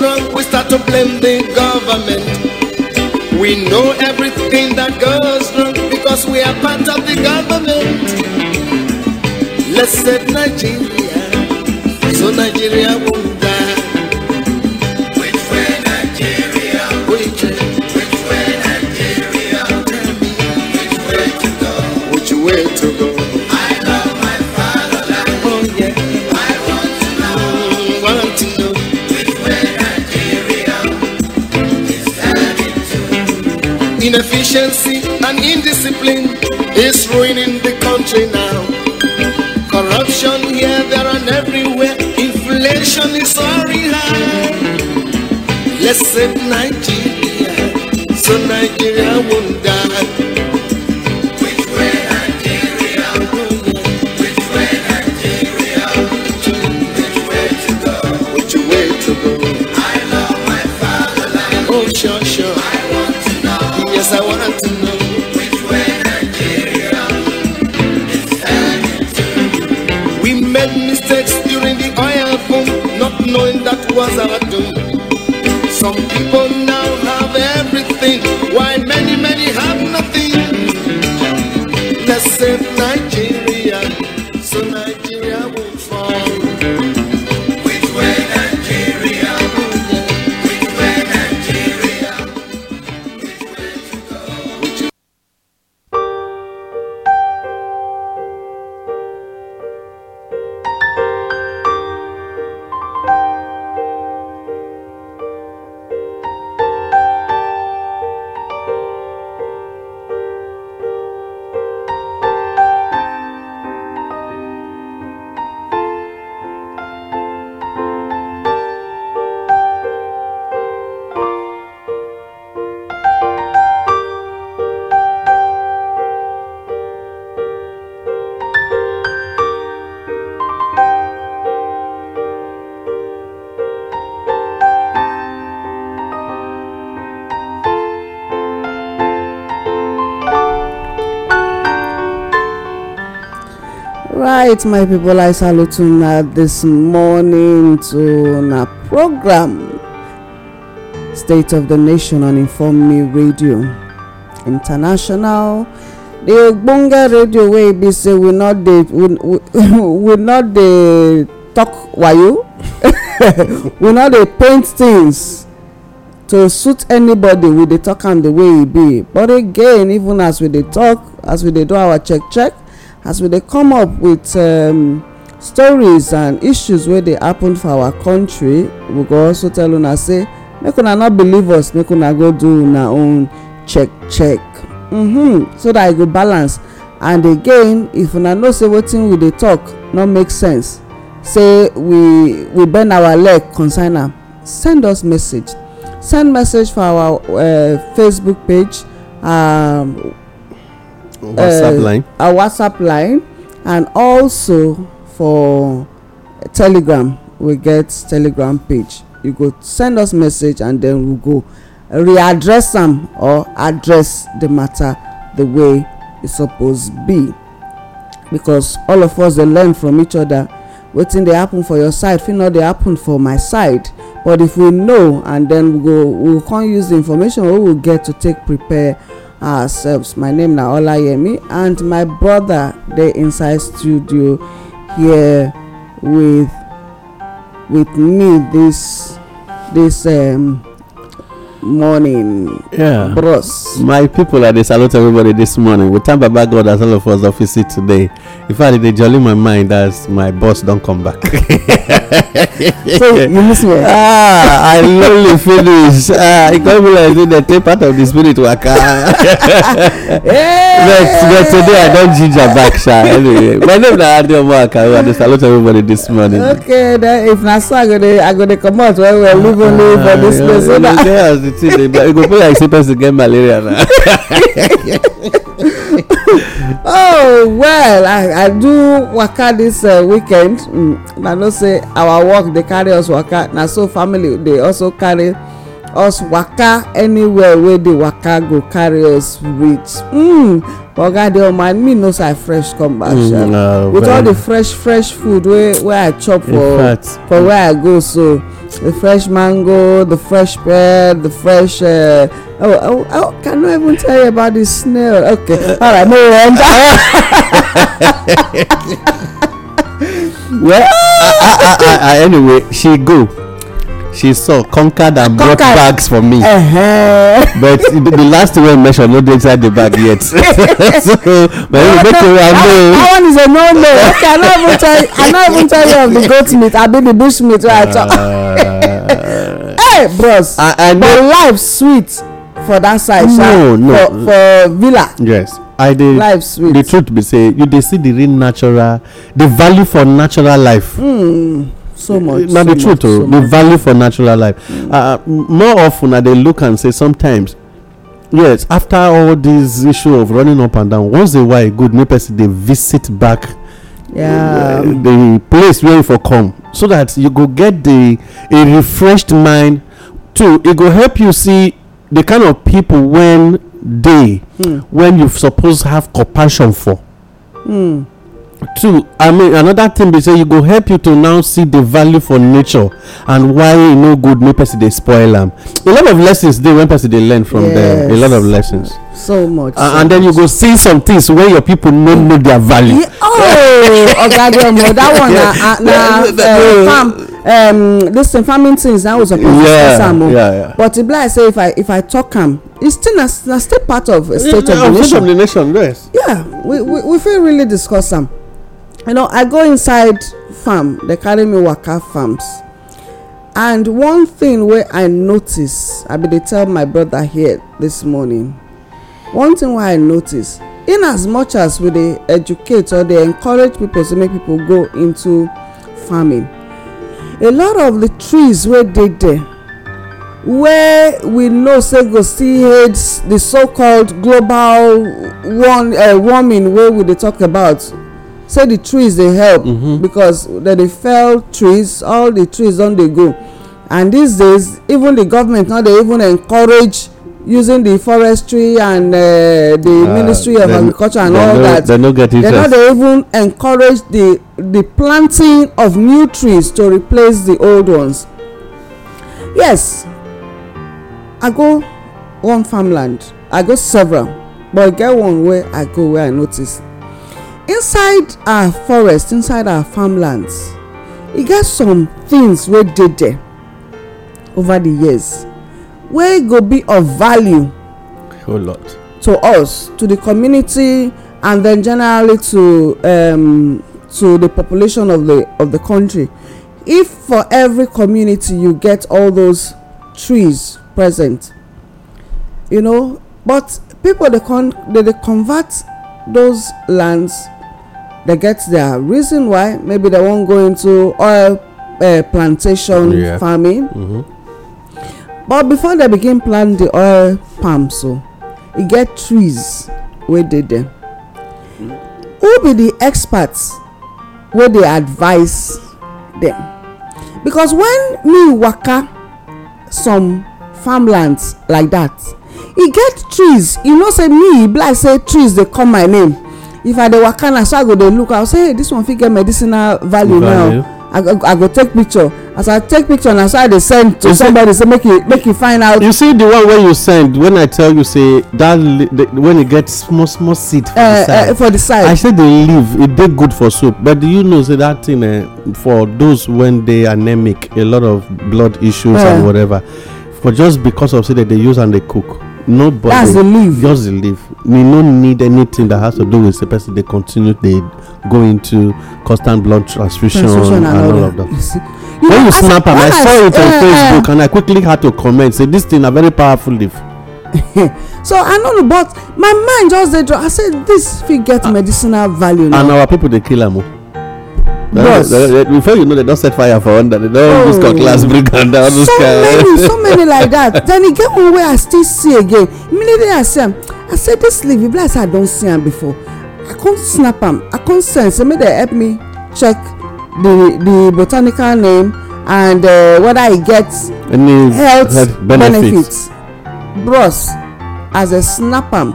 wrong, we start to blame the government. We know everything that goes wrong because we are part of the government. Let's save Nigeria so Nigeria won't die. Inefficiency and indiscipline is ruining the country now. Corruption here, there, and everywhere. Inflation is soaring high. Let's save Nigeria so Nigeria won't die. during the oil boom, not knowing that was our doom. Some people now have everything, while many, many have nothing. Let's save Nigeria. right my people i salute una this morning to na program state of the nation on inform me radio international The ogbonge radio wey e be say we not dey we not dey talk wayo we not dey paint things to suit anybody we dey talk am the way e be but again even as we dey talk as we dey do our check check as we dey come up with um, stories and issues wey dey happen for our country we go also tell una say make una no believe us make una go do una own check check mm -hmm. so that e go balance and again if una know say wetin we dey talk no make sense say we we bend our leg concern am send us message send message for our uh, facebook page um, WhatsApp uh, line. Our WhatsApp line, and also for Telegram, we get Telegram page. You go send us message, and then we will go readdress them or address the matter the way it's supposed be. Because all of us they learn from each other. wetin dey happen for your side fit know dey happen for my side but if we know and then we go we go come use the information wey we get to take prepare ourselves my name na olayemi and my brother dey inside studio here with with me this this um, morning. Yeah. Bros. My people at the salute everybody this morning. We thank Baba God as all of us office today. In fact, they jolly my mind as my boss don't come back. so you miss me. Ah, I lonely finish. Ah, it can't be like they take part of the spirit worker. yeah. but, but today I don't ginger back, sha. Anyway, my name is Adio Maka. I are salute everybody this morning. Okay, then if na so I go dey I go dey comot well well leave only for this ah, place. So that, see the black. It go feel like say person get malaria now. oh well, I, I do waka this uh, weekend. Mm, na know say our work dey carry us waka. Na so family dey also carry us waka anywhere wey the waka go carry us reach. Mm oga dey on my me No say i fresh come back mm, sha with all the fresh fresh food wey wey i chop for for where i go so the fresh mango the fresh pear the fresh uh, oh, oh, oh can i even tell you about the snail okay all right no wonder well I, I, I, I, anyway she go she saw conquered and brought bags for me uh-huh. but the last thing wey mention no dey inside the bag yet so but you make sure i know. that one is a no no okay i no even tell you i no even tell you of the goat meat abi the bush meat wey i uh, chop hey bros I, know. life sweet for that side no, no. for for villa. yes i dey life sweet the truth be say you dey see the real natural the value for natural life. Mm so much na the truth o the value for natural life mm. uh, more often i they look and say sometimes yes after all this issue of running up and down once a while good make they visit back yeah, uh, the place where you for come so that you go get the a refreshed mind too It go help you see the kind of people wen dey hmm. when you suppose have compassion for hmm two i mean another thing be say e go help you to now see the value for nature and why e no good make person dey spoil am a lot of lessons dey when person dey learn from dem a lot of lessons so much and then you go see some things wey your people no know their value oh ogadomo that one na ah, um, farm um this farming things that was suppose yeah, am o oh. yeah, yeah. but e be like say if i if i talk am e still na still part of state of the nation of the nation yes yeah we we we fit really discuss am you know i go inside farm They carry me waka farms and one thing wey i notice i bin dey tell my brother here this morning one thing wey i notice in as much as we dey educate or dey encourage people say make people go into farming a lot of the trees wey dey there wey we know say go still aid the so called global eh, warming wey we dey talk about say the trees dey help mm-hmm. because dem dey fell trees all the trees don dey go and these days even the government now dey even encourage using the forestry and uh, the ah, ministry of agriculture and all that dem no get interest dem no dey even encourage the the planting of new trees to replace the old ones yes i go one farmland i go several but e get one wey i go wey i notice inside our forest inside our farmlands e get some things wey dey there over the years wey go be of value whole lot to us to the community and then generally to um, to the population of the of the country if for every community you get all those trees present you know but people dey con they dey convert those lands they get their reason why maybe they won't go into oil uh, plantation yeah. farming mm-hmm. but before they begin plant the oil palm so oh, you e get trees where they there who be the experts where they advise them because when me waka some farmlands like that e get trees you know say me e be like say trees dey call my name if i dey waka na so i go dey look am say hey this one fit get medicinal value now i go i go take picture as i take picture na so i dey send to somebody say make you make you find out you see the one wey you send when i tell you say that when e get small small seed for the eh, side eh, for the side i say the leaf. e dey good for soup but do you know say that thing eh, for those when dey anemic a lot of blood issues and whatever for just because of say dem dey use and dey cook nobody that's a leave just a leave we no need anything that has to do with the person They continue They go into constant blood transfusion, transfusion and, and all, of that you when know, you snap am i saw it on uh, facebook eh. and i quickly had to comment say this thing na very powerful leaf. so i no know but my mind just dey draw i say this fit get uh, medicinal value now. and our people dey kill am o. Oh. Yes. Before you know, they don't set fire for under. They don't oh. use cutlass, bring under. so many, so many like that. Then he get one way I still see again. Immediately I say, I said this leafy blast I don't see him before. I can't snap him. I can't sense. May they help me check the the botanical name and uh, whether I get any health, health benefits. benefits. Bros, as a snap him,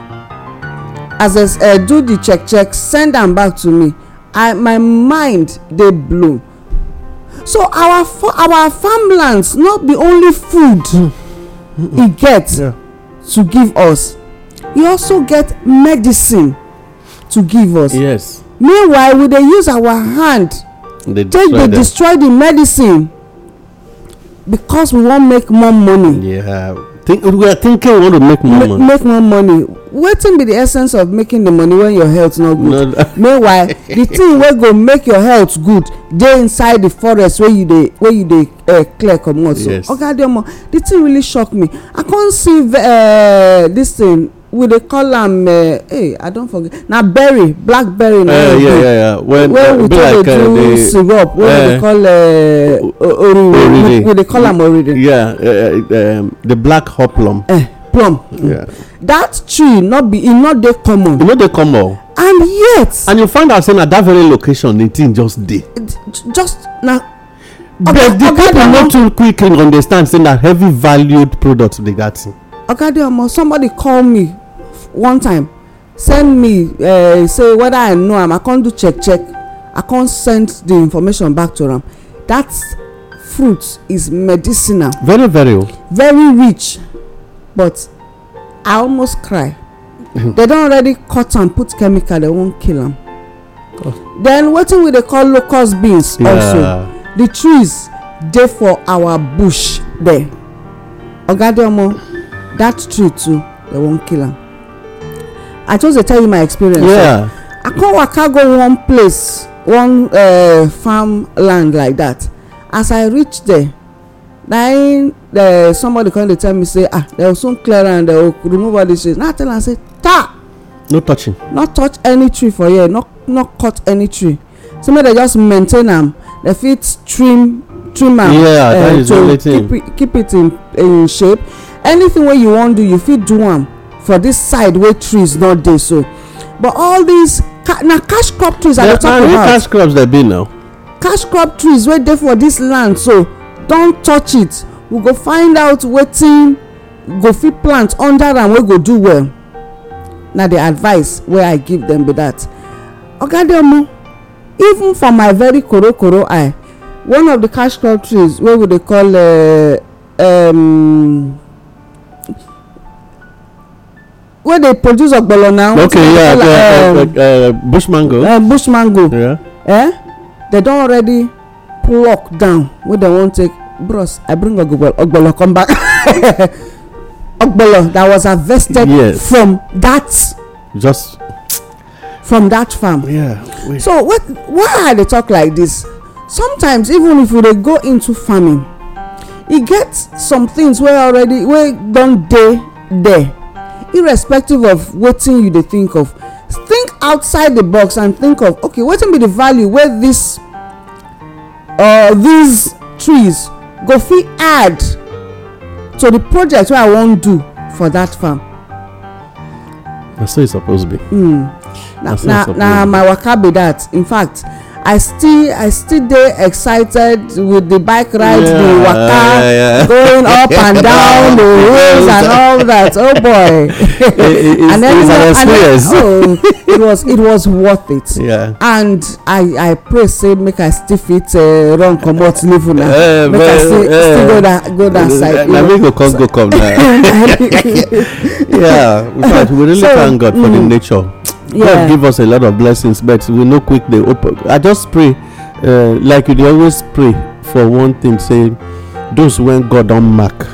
as a uh, do the check check, send them back to me i my mind dey blow so our our farmlands not be only food e get to give us e also get medicine to give us yes meanwhile we dey use our hand They take dey destroy the medicine because we wan make more money yeah think we are thinking we want to make more money make more money wetin be the essence of making the money when your health no good meanwhile the thing wey go make your health good dey inside the forest wey you dey eh, clear comot so oga adeomo the thing really shock me i con see dis eh, thing we dey call am hey eh, eh, i don forget na berry blackberry na uh, yeah, yeah, yeah. When, wey we take dey do syrup wey we dey call uh, oriri we dey call am oriri. yeah uh, um, the black hoplum. Uh, plum. Mm. Yeah. that tree no be e no dey common. e no dey common. and yet. and you find out say na that very location the thing just dey. just na but the people no too quick understand say na heavy valued product be that thing. ogade omo somebody call me one time send me eh, say whether i know am i come do check check i come send the information back to am that fruit is medicinal very very o very rich but i almost cry they don already cut am put chemical they wan kill am then wetin we dey call locust beans also the trees dey for our bush there oga omo that tree too they wan kill am i just dey tell you my experience yeah i come waka go one place one eh, farm land like that as i reach there na uh, eh, somebody come dey tell me say ah dem soon clear am dem go remove all dis trees now i tell am say ta no touching no touch any tree for here no no cut any tree so make dem just maintain am dem fit trim trim am eh, to keep it in in shape anything wey you wan do you fit do am for this side where trees no dey so but all these na cash crop trees i dey talk about cash crops dey be now cash crop trees wey dey for this land so don touch it we go find out wetin go fit plant under am wey go do well na the advice wey i give dem be that oga adeomu even for my very korokoro eye one of the cash crop trees wey we dey call eh, um, wey dey produce ogbolo now okay yeah the um, uh, uh, bush mango uh, bush mango Yeah. eh They don already pluck down wey they wan take bros i bring ogbolo come back ogbolo that was harvested from that just from that farm Yeah. so what? why i dey talk like this sometimes even if you dey go into farming e get some things wey already wey don dey there irrespective of wetin you dey think of think outside the box and think of okay wetin be the value wey this uh, these trees go fit add to the project wey i wan do for that farm. Hmm. na so e suppose be. Mm. na na na my waka be that in fact i still i still dey excited with the bike ride yeah, the waka yeah. going up and down the roads and all that oh boy it, it, and then, so oh, it was it was worth it yeah. and i i pray say make i still fit uh, run comot leave una uh, eh, make but, i still, uh, still go that go that uh, side na me go come go come now yeah in fact we really so, thank god for mm, the nature god give us a lot of blessings but we no quick dey open i just pray uh, like you dey always pray for one thing say those wey god don mark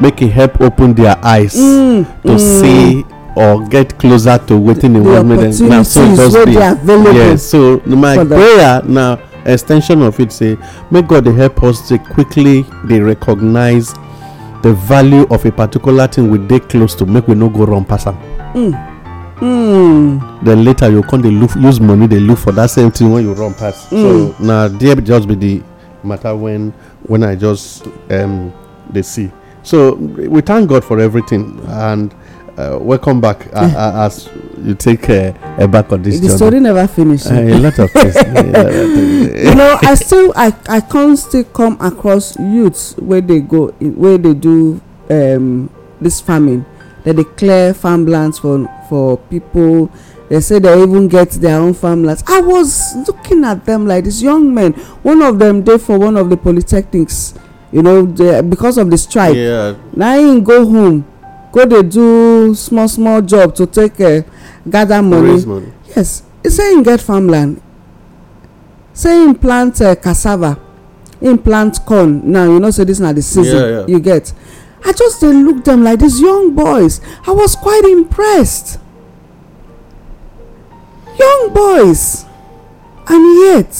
make e help open their eyes mm, to mm. see or get closer to wetin e want make dem na so just be yes so my prayer na extension of it say make god dey help us to quickly dey recognize the value of a particular thing we dey close to make we no go run pass am mm. Hmm. then later you come dey look use money dey look for that same thing when you run pass so hmm. na there just be the matter when when i just um, dey see so we thank god for everything and uh, welcome back uh, as you take uh, eh, a back on this the journey. story never finish. Uh, a lot of things. you know, I still I I can still come across youths where they go where they do um, this farming dem dey clear farmlands for for people they say they even get their own farmlands i was looking at them like these young men one of them dey for one of the polytechnics you know because of the strike Yeah. Now him go home go dey do small small job to take uh, gather money money. yes He say him get farmland say him plant uh, cassava him plant corn now you know say this na the season Yeah. you get i just dey look them like these young boys i was quite impressed young boys and yet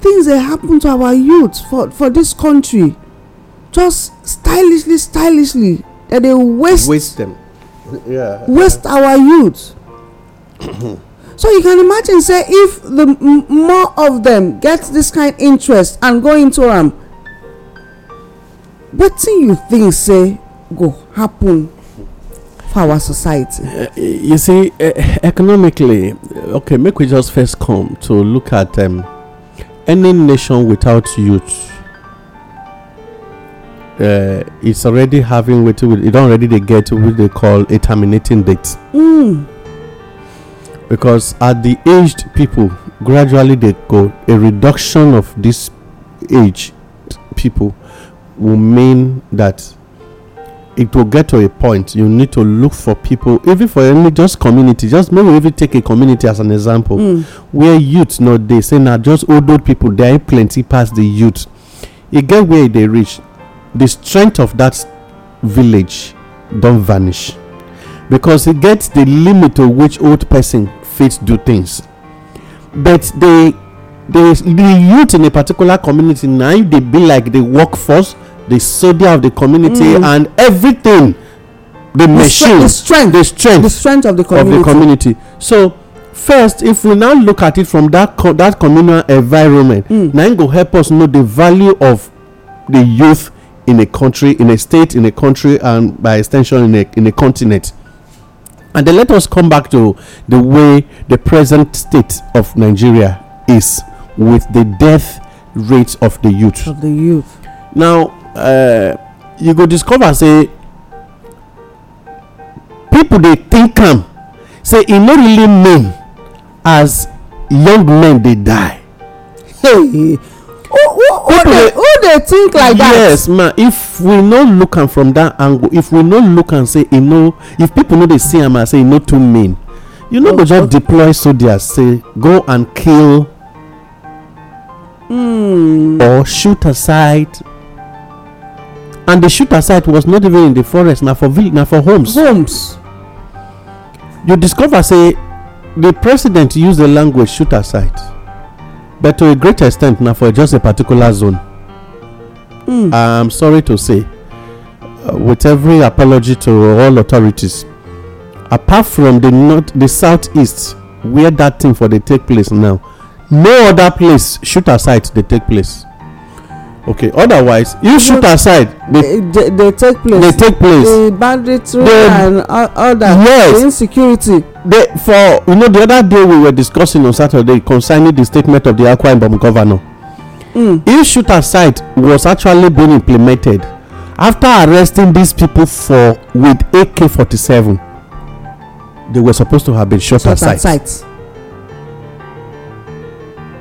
things that happen to our youth for for this country just stylishly stylishly that they waste waste dem waste our youth so you can imagine say if the more of them get this kind interest and go into am um, wetin you think say go happen for our society eh, eh, you see eh, economically okay make we just first come to look at um, any nation without youth it's already having wetin e don already dey get what dey call a terminating date hmm. because at the aged people gradually they go a reduction of this age people will mean that it will get to a point you need to look for people even for any just community just maybe even take a community as an example mm. where youth not they say now just old old people there are plenty past the youth e get where they reach the strength of that village don't vanish because it gets the limit to which old person fits do things but the the, the youth in a particular community now they be like the workforce the soldier of the community mm. and everything the, the machine the strength the strength the strength of the community. Of the community. so first if we now look at it from that co that communal environment mm. na go help us know the value of the youth in a country in a state in a country and by extension in a in a continent and then let us come back to the way the present state of nigeria is with the death rate of the youth of the youth now Eh, you go discover say people dey think am say e no really mean as young men dey die hey who who dey think like that yes ma if we no look am from that angle if we no look am say e no if people no dey see am as say e no too mean you no go just deploy soldiers say go and kill hmm. or shoot aside and the shooter site was not even in the forest na for village na for homes homes you discover say the president use the language shooter site but to a great extent na for just a particular zone hmm. i'm sorry to say uh, with every apology to all authorities apart from the north the southeast where dat thing for dey take place now no other place shooter site dey take place okay otherwise you shoot aside they they take place they take place the banditry and all that yes insecurity they for you know the other day we were discussing on saturday concerning the statement of the akwa ibom governor mm. if shoot aside was actually being implemented after arresting these people for with ak-47 they were supposed to have been shot, shot at sight. sight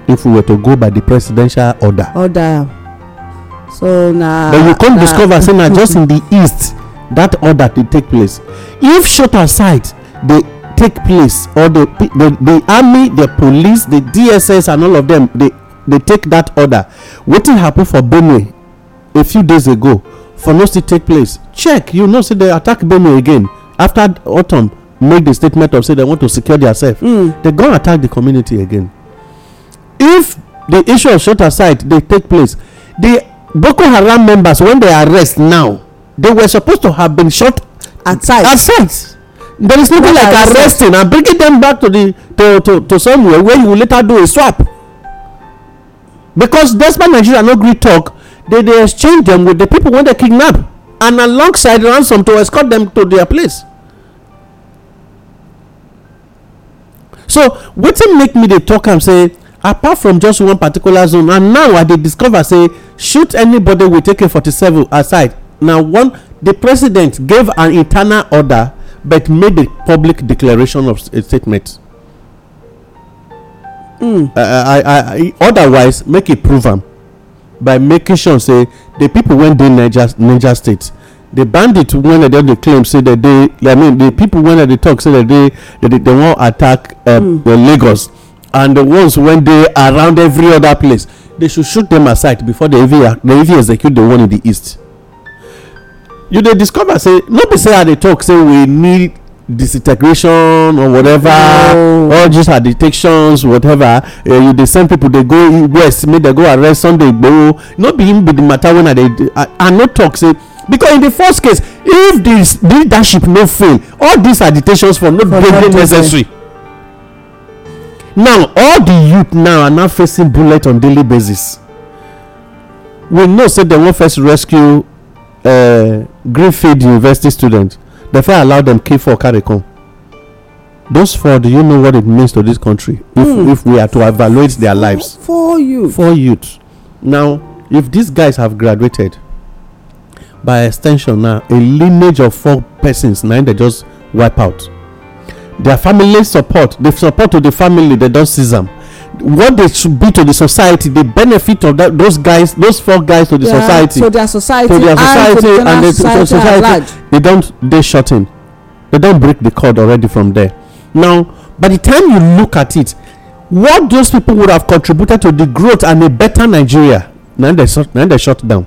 if we were to go by the presidential order order so na but you come discover say na just in the east that order dey take place if shorter sight dey take place or the the army the police the dss and all of dem dey take that order wetin happen for benue a few days ago for no still take place check you know say they attack benue again after autumn make the statement of say they want to secure diasef hmm. They go attack the community again if the issue of shorter sight dey take place the boko haram members when they arrest now they were supposed to have been shot at sight at sight there is nothing like arresting and bringing them back to the to to to somewhere where you will later do a swap because despite nigeria no gree talk they dey exchange them with the people wey dey kidnap and alongside ransom to escort them to their place so wetin make me dey talk am say apart from just one particular zone and now i dey discover say shoot anybody with AK-47 aside. Now, one, the president gave an internal order but made a public declaration of a statement. Mm. Uh, uh I, I, otherwise, make it proven by making sure say the people went in Niger Niger state the bandits when they don dey claim say that they I mean the people when they talk say that they that they, they wan attack uh, mm. the Lagos and the ones when they around every other place they should shoot them aside before they even execute the one in the east you dey discover say no be say i dey talk say we need disintegration or whatever all these are detections whatever eh, you dey send people dey go west make dem go arrest sunday igboro no be him be the matter when i dey i no talk say because in the first case if this leadership no fail all these agitations for no dey necessary now all the youth now are now facing bullet on daily basis we know say dem wan first rescue uh, greenfield university students dem fit allow dem kill for carry come those four do you know what it means to this country if mm. if we are to evaluate their lives four youth Four youth now if these guys have graduated by extension now a lineage of four persons now they just wipe out their family support the support to the family they don see them. what they should be to the society the benefit of that those guys those four guys to the yeah, society to their society to their society and, and the society, society they don't they shorten they don't break the code already from there now by the time you look at it what those people would have contributed to the growth and a better nigeria now they shut now they shut down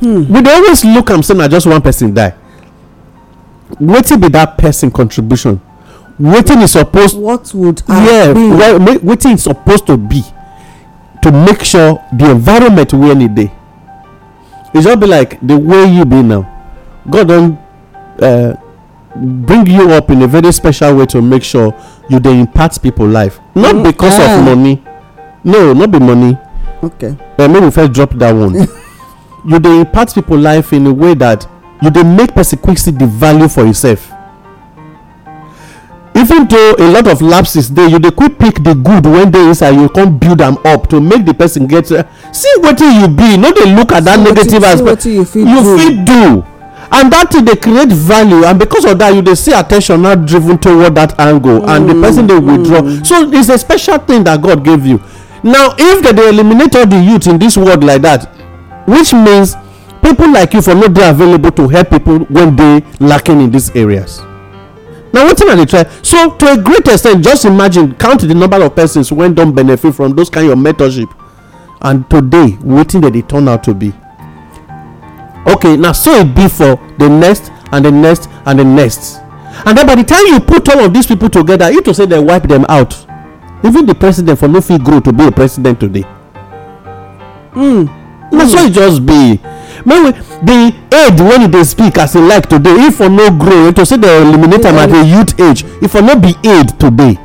hmm. we always look and say na ah, just one person die wetin be that person contribution wetin e suppose what would yeah wetin e suppose to be to make sure the environment wey e dey e just be like the way you be now god don eh, bring you up in a very special way to make sure you dey impact people life not mm, because of money no not be money okay eh, make we first drop that one you dey impact people life in a way that you dey make person quick see the value for yourself even though a lot of lapses dey you dey quick pick the good wey dey inside you come build am up to make the person get uh, see wetin you be no dey look at that negative as you fit do and that thing dey create value and because of that you dey see attention now driven toward that angle and the person dey withdraw mm-hmm. so it's a special thing that god give you now if they dey eliminate all the youth in this world like that which means people like you for no dey available to help people wey dey lacking in these areas na wetin i dey try so to a great extent just imagine count the number of persons wey don benefit from those kind of mentorship and today wetin dem dey turn out to be okay na so e be for the next and the next and the next and then by the time you put all of these people together you to say dem wipe dem out even the president for no fit grow to be a president today Hmm. na so hmm. e just be May we the aid when you dey speak as e like today if for no grow to say dem eliminate am at a youth age if for no be aid today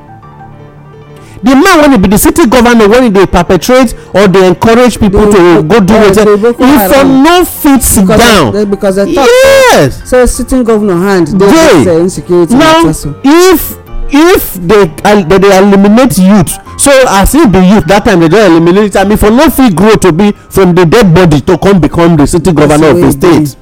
the man wey be the city governor wey dey perpetrate or dey encourage people to go do wetin if for no fit sit down yes So sitting governor hand dey insecurity now if if they they dey eliminate youth so as e be youth that time they don eliminate am if no fit grow to be from the dead body to come become the city governor of the state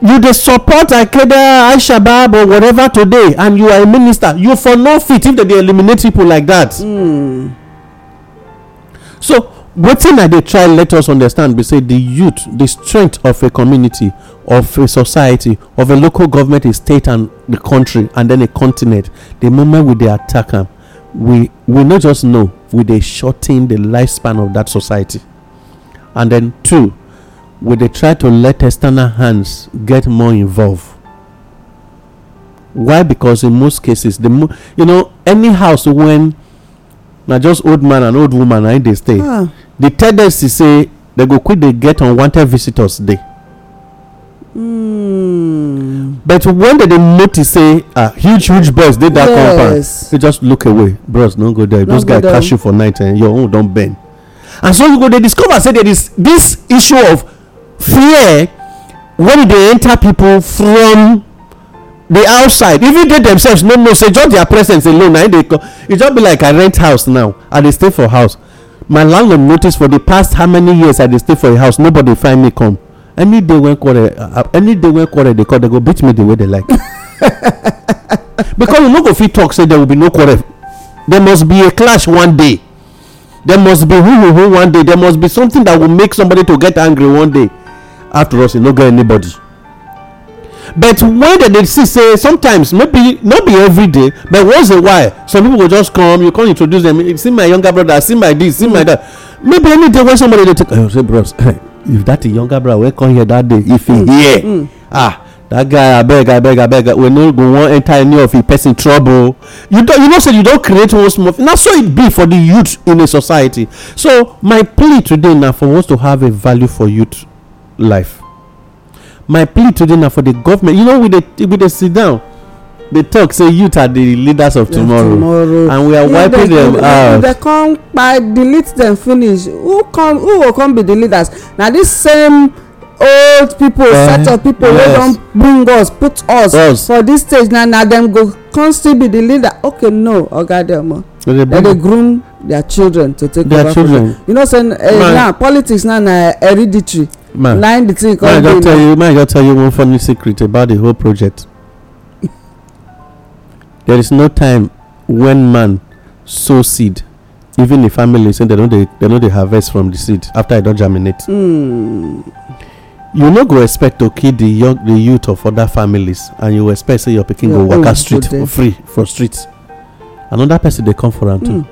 you dey support akeda aishabab or whatever today and you are a minister you for no fit if they dey eliminate people like that. Mm. so wetin i dey try let us understand be say the youth the strength of a community of a society of a local government a state and the country and then a continent The moment we dey attack am we we no just know we dey shorten the lifespan of that society and then two we dey try to let external hands get more involved why because in most cases the you know any house when na just old man and old woman na im dey stay ah. the tendency say dem go quick dey get unwanted visitors dey hmm. but when dem dey notice say ah, huge huge boys dey dat compound they just look away bros no go there those guys catch you for night and eh? your own don bend and so you go dey discover say there is this issue of fear when e dey enter people from the outside even they themselves no know say just their presence alone na dey come e just be like i rent house now i dey stay for house my landlord notice for the past how many years i dey stay for a house nobody find me come any day when quarrel uh, uh, any day when quarrel dey come they go beat me the way they like because you no go fit talk say there will be no quarrel there must be a clash one day there must be who who who one day there must be something that will make somebody to get angry one day after us e no get anybody but when they dey see say sometimes maybe no be every day but once a while some people go just come you come introduce dem see my younger brother see my this see my mm. that maybe any day when somebody dey take oh say bros if that younger brother wey come here that day if he mm. hear mm. ah that guy abeg abeg abeg we no go wan enter any of e person trouble you you know say you don create one small na so it be for the youth in a society so my plea today na for us to have a value for youth life my plea today na for the government you know we dey sit down dey talk say youth are the leaders of tomorrow and we are wiping them out if come by delete dem finish who come? who go come be the leaders na dis same old people uh, set of people wey don bring us put us for dis stage na dem go come still be the leader okay no oga dem dem dey groom their children to take their over children. you know say now eh, politics now na hereditary na im the thing come dey now. may i just tell you one funny secret about the whole project there is no time when man sow seed even the family say they no dey they no dey harvest from the seed after e don germinate. Mm. you no go expect to kill the young the youth of other families and you expect say your pikin go waka street for free for street another person dey come for am too. Mm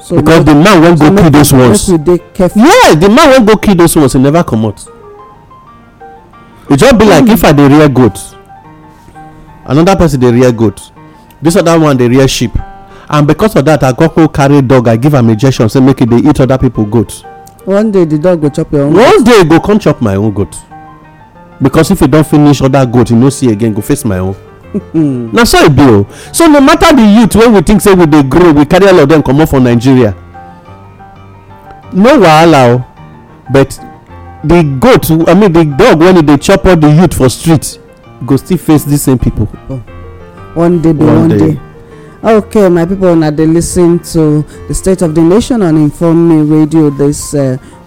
so because the man wan go kill those ones yeah the man wan go kill those ones He never comot e just be like hmm. if i dey rear goat another person dey rear goat this other one dey rear sheep and because of that i go go carry dog i give am injection say make e dey eat other people goat one day the dog go chop your own goat one day e go come chop my own goat because if e don finish other goat e no see again go face my own Hmm. na so e be o so no matter the youth wey we think say we dey grow we carry all of dem comot for nigeria no wahala o but the goat i mean the dog wen e dey chop all the youth for street go still face the same pipo oh. one day be one day okay my people na dey listen to the state of the nation on inform me radio dis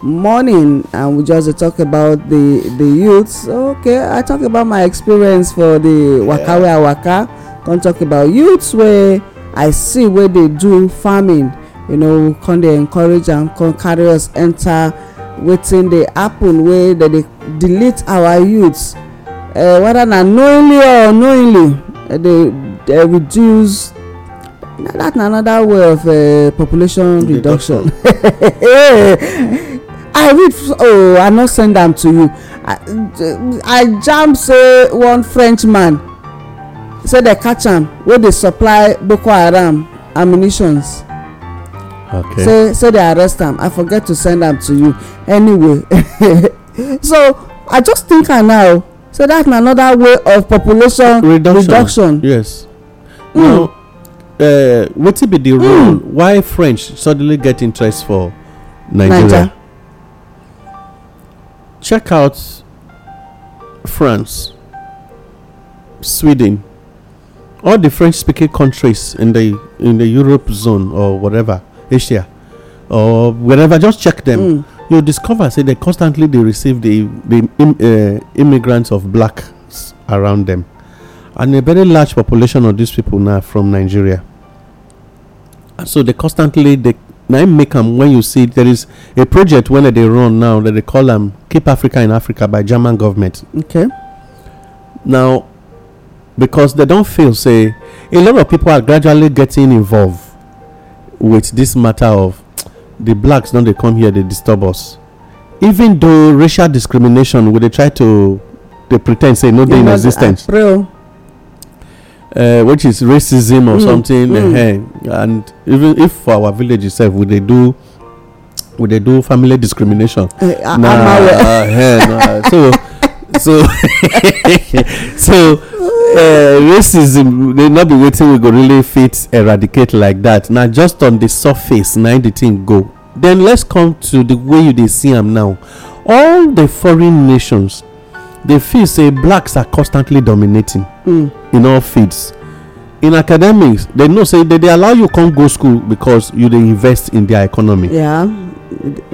morning and we just dey talk about the the youths okay i talk about my experience for the waka wey i waka come talk about youths wey i see wey dey do farming you know come dey encourage and come carry us enter wetin dey happen wey dey dey delete our youths uh, whether na knowingly or unknowingly uh, eh, dey dey reduce na that na another way of uh, population reduction i read oh i no send am to you i I jam say one french man say dem catch am wey dey supply boko haram Okay. say say dey arrest am i forget to send am to you anyway so i just think am now say dat na anoda way of population reduction yes hmm. now eh, wetin be the hmm. role why french suddenly get interest for nigeria check out France, Sweden, all the French speaking countries in the in the Europe zone or whatever, Asia or wherever, just check them. Mm. You'll discover say they constantly they receive the the Im, uh, immigrants of blacks around them, and a very large population of these people now from Nigeria. And so they constantly they I make them when you see there is a project when they run now that they call them um, keep africa in africa by german government okay now because they don't feel say a lot of people are gradually getting involved with this matter of the blacks Now they come here they disturb us even though racial discrimination Would they try to they pretend say no They in uh, existence uh, which is racism or mm. something mm. Uh, and even if for our village itself would they do Would they do family discrimination uh, na uh, yeah, nah, so so so uh, racism dey not be waiting we go really fit eradicate like that Now, just on the surface na the thing go then let's come to the way you dey see them now all the foreign nations they feel say blacks are constantly dominating hmm. in all fields in academics they know say they dey allow you come go school because you they invest in their economy yeah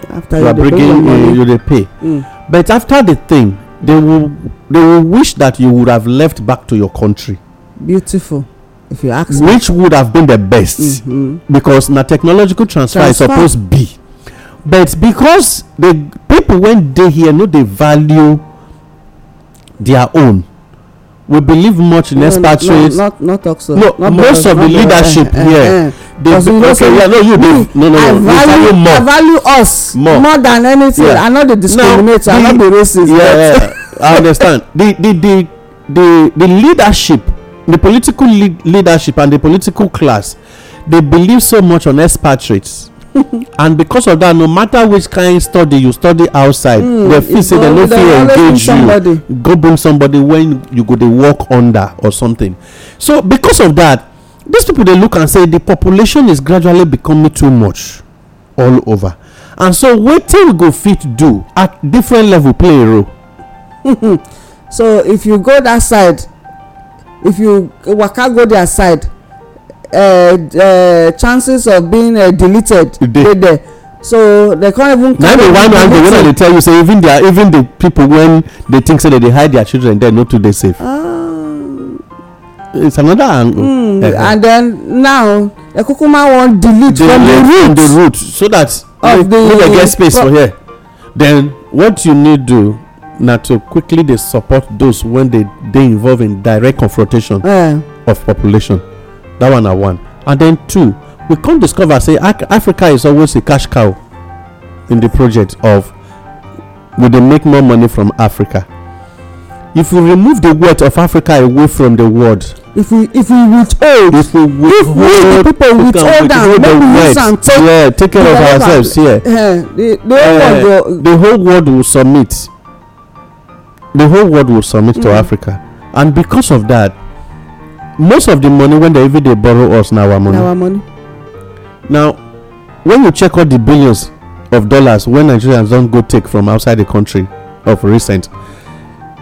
after you are bringing, money you they pay hmm. but after the thing they will they will wish that you would have left back to your country beautiful if you ask which would have been the best mm-hmm. because na technological transfer is supposed be but because the people wey dey here no dey value their own we believe much in expatriates no no not talk so no most of the leadership eh, eh, here dey eh. okay yeah no you dey no no no we value more i value us more than anything i no dey discriminate i no be racist yeah yeah. i understand the the the the the leadership the political leadership and the political class dey believe so much on expatriates and because of that no matter which kind study you study outside dem hmm, feel say dem no fit engage you go bring somebody when you go dey work under or something so because of that these people dey look and say the population is gradually becoming too much all over and so wetin we go fit do at different level play a role so if you go that side if you waka go their side Uh, uh, chances of being uh, deleted dey there so they can't even come na be one angle thing wey i dey tell you say even their even the people when dey think say they dey hide their children there no too dey safe ah. it's another angle hmm, and then now the ekukuma wan delete from the root so that of the make dem get space for here then what you need do na to quickly dey support those wey dey involve in direct confrontation eh. of population that one na one and then two we come discover say africa is always a cash cow in the project of we dey make more money from africa if we remove the wealth of africa away from the world. if we if we withhold if we withhold if we the people withhold am make we use am take yeah take care of ourselves here. Yeah. Uh, the, the, uh, whole world, eh, the whole world will submit the whole world will submit mm. to africa and because of that most of the money when they even they borrow us na our money our money now when you check out the billions of dollars when nigerians don't go take from outside the country of recent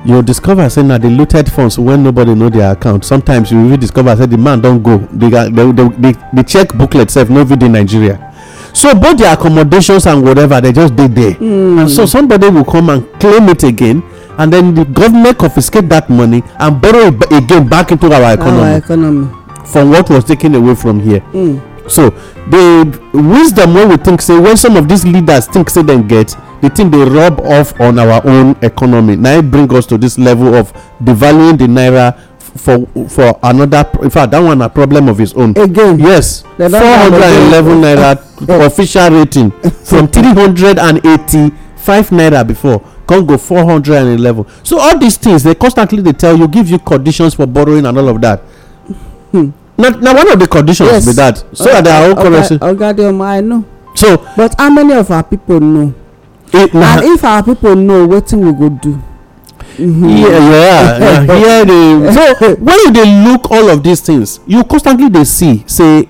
you discover say na the looted funds when nobody know their account sometimes you even discover say the man don't go the check booklet sef no even nigeria so both the accommodations and whatever they just did there mm. and so somebody will come and claim it again and then the government confiscate that money and borrow it again back into our economy, our economy. from what was taken away from here mm. so the wisdom wey we think say when some of these leaders think say dem get the thing dey rub off on our own economy na it bring us to this level of devaluing the naira for for another in fact that one na problem of his own. again yes four hundred and eleven naira official rating from three hundred and eighty-five naira before come go four hundred and eleven so all these things they constantly dey tell you give you conditions for borrowing and all of that. Hmm. na na one of the conditions yes. be that so okay. that their own currency. oga oga dem i know. so but how many of our people know. It, and if our people know wetin we go do. Mm-hmm. Yeah, yeah, yeah here dey so when you dey look all of these things you constantly dey see say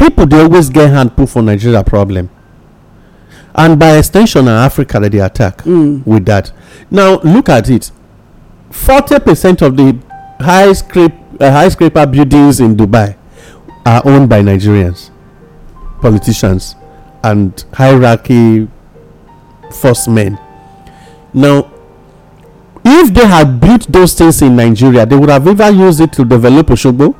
people dey always get hand put for nigeria problem and by extension na africa dey attack mm. with that now look at it forty percent of the high scrape uh, high scraper buildings in dubai are owned by nigerians politicians and hierarchy force men now if they had built those things in Nigeria, they would have either used it to develop Oshobo,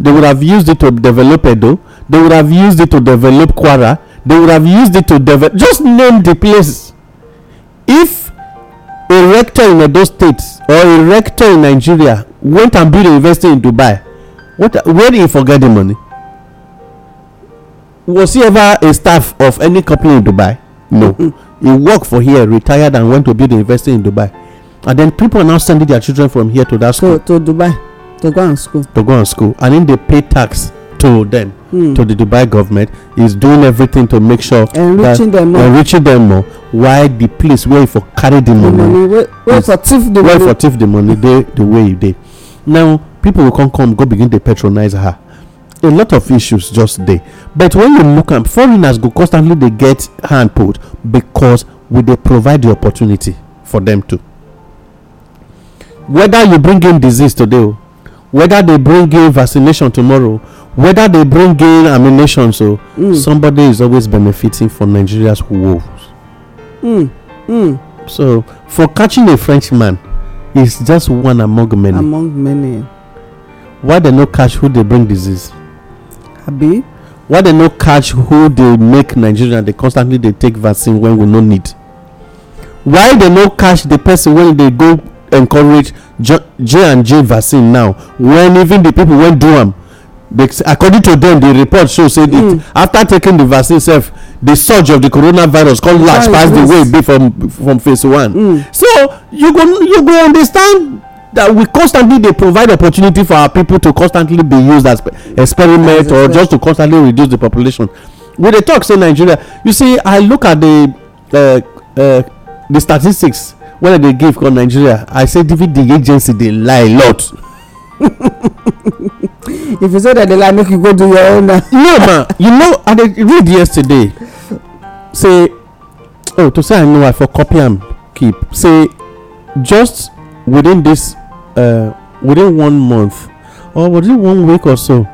they would have used it to develop Edo, they would have used it to develop Kwara, they would have used it to develop. Just name the place. If a rector in Edo State or a rector in Nigeria went and built a university in Dubai, what where did he forget the money? Was he ever a staff of any company in Dubai? No. He worked for here, retired, and went to build a university in Dubai and then people are now sending their children from here to that school. to, to dubai to go on school. to go on school and then they pay tax to them. Hmm. to the dubai government is doing everything to make sure. enriching them more enriching them more Why the place wey for carry the money. the money for thief the money. wey for thief the money dey the way e dey. now people go come come go begin to patronize her a lot of issues just there, but when you look at foreigners go constantly they get hand pulled because we they provide the opportunity for them to whether you bring in disease today whether they bring in vaccination tomorrow whether they bring in ammunition so mm. somebody is always benefiting from nigeria's wolves mm. Mm. so for catching a frenchman is just one among many among many why they no catch who they bring disease abi why they no catch who they make nigeria They constantly they take vaccine when we no need why they no catch the person when they go encourage j and j vaccine now when even the people wey do am according to them, the report show say hmm. after taking the vaccine sef the surge of the coronavirus come large pass di way e be from from phase one hmm. so you go you go understand that we constantly dey provide opportunity for our people to constantly be used as experiment or just to constantly reduce the population we dey talk say nigeria you see i look at the uh, uh, the statistics wey dem dey give come nigeria i say dvd agency dey lie a lot if you say dem dey lie make you go do your own no ma you know i dey read yesterday say oh to say i know i for copy am keep say just within this uh, within one month or was it one week or so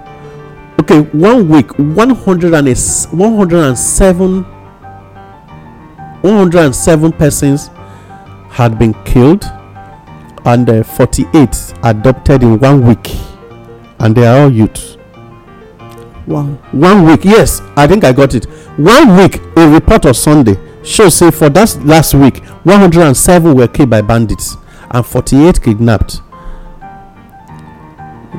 okay one week One one one hundred hundred hundred and and seven, and seven persons had been killed and uh, 48 adopted in one week and they are all youth. one one week yes i think i got it one week a report of sunday shows say for that last week 107 were killed by bandits and 48 kidnapped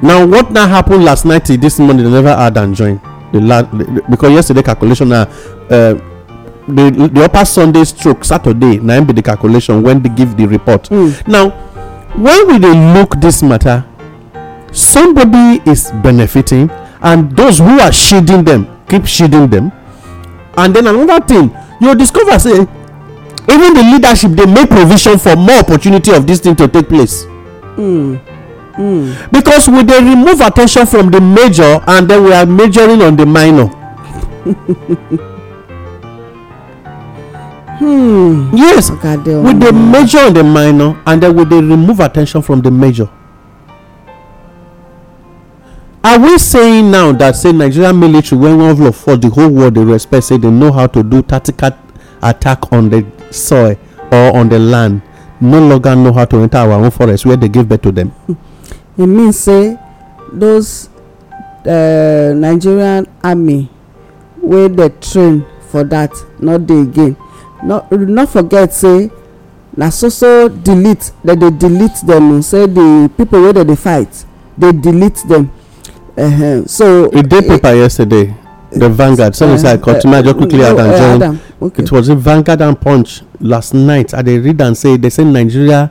now what now happened last night this morning they never had and join the last because yesterday calculation now uh, uh the the upper sunday stroke saturday na im be the calculation when they give the report hmm. now when we dey look this matter somebody is benefiting and those who are shielding them keep shielding them and then another thing you discover say even the leadership dey make provision for more opportunity of this thing to take place mm. Mm. because we dey remove attention from the major and then we are majoring on the minor Hmm. Yes. with the major and the minor, and then with the remove attention from the major. Are we saying now that say Nigerian military when one of for the whole world they respect say they know how to do tactical attack on the soil or on the land no longer know how to enter our own forest where they give birth to them. e mean say those uh, nigerian army where they train for that Not they again no forget say na so so delete dem dey delete dem say the people wey dem dey fight dey delete dem -huh. so e dey e- paper yesterday the eh, Vanguard. So uh, eh, I continue. Uh, just eh, quickly add and join. Okay. It was a Vanguard and Punch last night. I they read and say they say Nigeria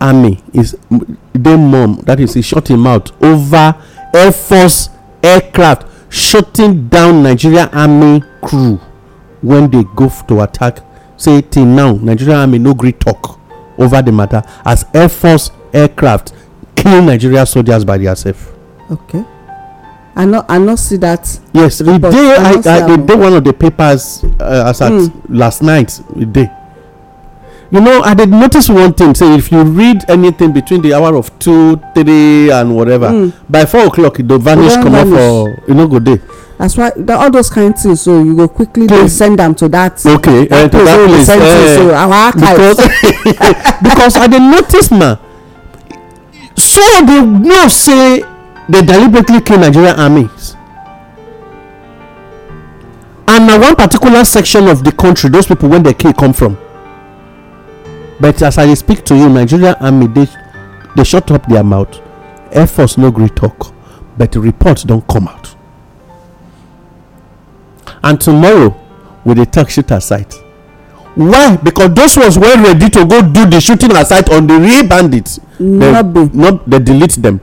army is they e mom that is he shot him out over Air Force aircraft shutting down Nigeria army crew when they go to attack say till now nigerian army no gree talk over the matter as air force aircraft kill nigeria soldiers by diasef okay i no I no see that. yes the day i the day one of the papers uh, as at hmm. last night the day. you know i dey notice one thing say if you read anything between the hour of two three and whatever hmm. by four o'clock e go vanish comot for e no go dey that's why the, all those kind of things so you go quickly dey send am to that okay uh, to that place send uh, eh. things, so our archives. because because i dey notice na so dey know say dey deliberately kill nigerian armies and na one particular section of the country those people wey dey kill come from but as i dey speak to you nigerian army dey dey shut up their mouth air force no gree talk but reports don come out and tomorrow we dey take shoot at why because those ones wey ready to go do the shooting aside on the real bandits dem delete dem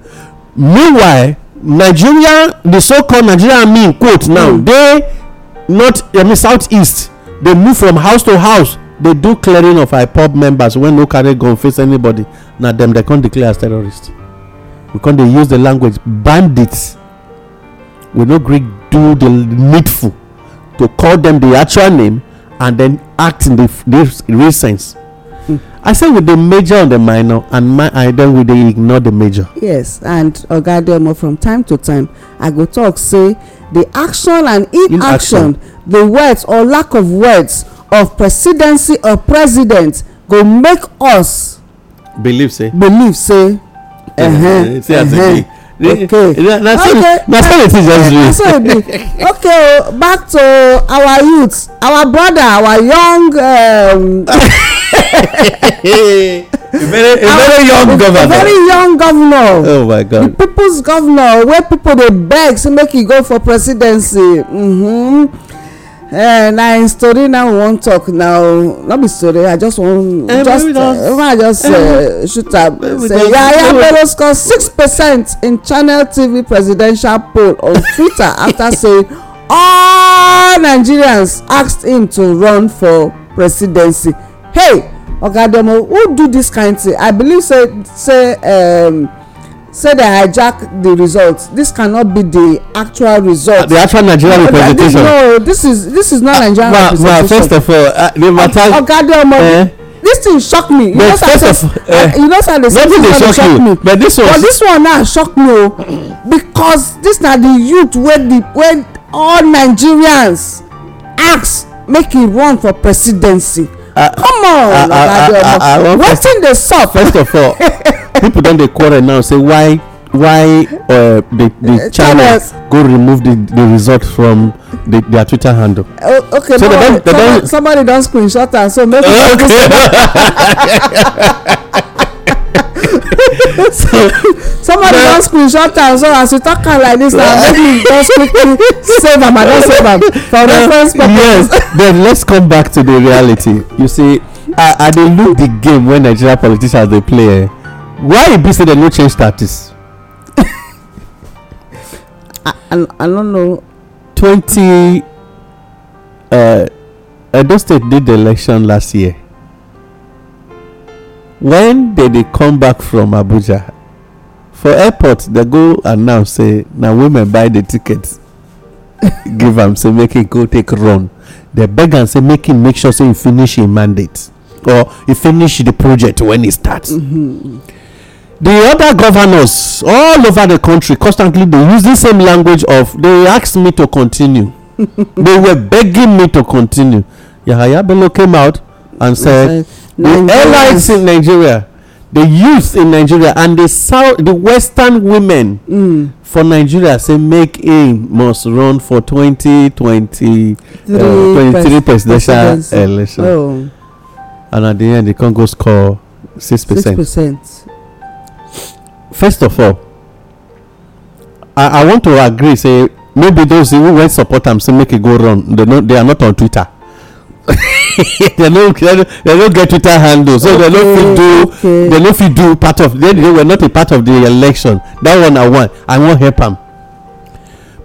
meanwhile nigeria the so called nigeria army quote now dey mm. north i mean southeast dey move from house to house dey do clearing of ipob members wey no carry gun face anybody na dem dey come declare as terrorists we come dey use the language bandits we no gree do the needful to call them the actual name and then act in the, the real sense. Mm. I said with the major and the minor, and my, I then with the ignore the major. Yes, and Ogadomo from time to time, I go talk say the action and inaction, inaction. the words or lack of words of presidency or president go make us believe say believe say. Uh-huh, uh-huh okay na so it is just me. na so it be okay o oh, back to our youth our brother our young. Um, a very a very young governor. a very young governor. oh my god. the people's governor wey people dey beg say make e go for presidency. Mm -hmm. Eh, na story now we wan talk now not be story i just wan eh, just eh, i just shoot am say yahaya bello score six percent in channel tv presidential poll on twitter after saying all nigerians asked him to run for presidency hey oga demo who do dis kind thing i believe say say um, Say they hijack the results this cannot be the actual result. the actual nigerian no, representation. no this is this is not ah, nigerian uh, representation. ma first of all uh, the matter. ọ̀gádé ọmọ mi this thing shock me. you know sir say uh, you know sir the same thing dey shock you, me but this one but this one now shock me o oh, because this na the youth wey the wey all nigerians ask make e run for presidency come on ah, ah, ah, What's in the sup. first of all people don dey quarrel now say why why uh, the the uh, china go remove the the result from the their twitter handle. Oh, okay so no, don they don somebody don screenshot am so make we okay. so somebody don screenshot am so as we talk am like this now make we just quickly save am i don save am for reference purpose. yes then let's come back to the reality you see i i dey look the game wey Nigerian politicians dey play eh why e be say dem no change status. I, I, I don't know. 20 uh, Edo State did the election last year. When they dey come back from abuja for airport they go announce say na women buy the ticket give am say make him go take run They beg am say make him make sure say e finish him mandate or e finish the project when e start mm-hmm. The other governors all over the country constantly dey use the same language of they ask me to continue they were begging me to continue yahaya bello came out and said Nigerians. the elites in nigeria the youth in nigeria and the south the western women mm. for nigeria say make aim must run for 2020 uh, Three uh, 23 presidential election oh. and at the end the congo score 6 percent first of all i i want to agree say maybe those who went support am say make it e go run they no they are not on twitter they no they no they no get twitter handle so okay, they no fit do okay. they no fit do part of they they were not a part of the election that one i wan i wan help am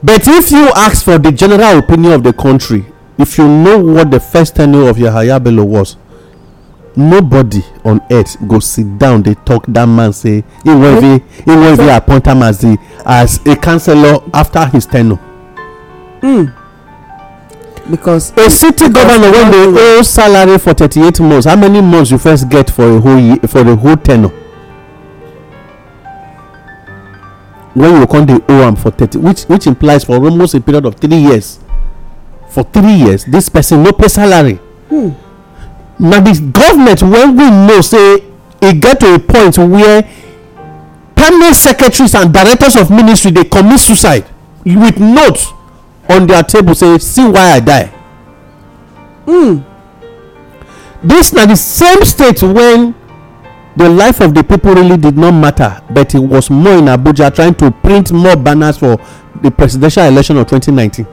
but if you ask for the general opinion of the country if you know what the first tenure of yahaya bello was nobody on earth go sit down dey talk that man say he wan be, he wan be appoint am as the as a councillor after his tenure. Mm because a city governor when they owe salary for thirty-eight months how many months you first get for a whole year for the whole ten when you come the owe am for thirty which which implies for almost a period of three years for three years this person no pay salary hmm. na the government when we know say e get to a point where permanent secretaries and directors of ministry dey commit suicide with notes on their table say see why i die mm. dis na di same state when the life of the people really did not matter but e was more in abuja trying to print more banners for the presidential election of 2019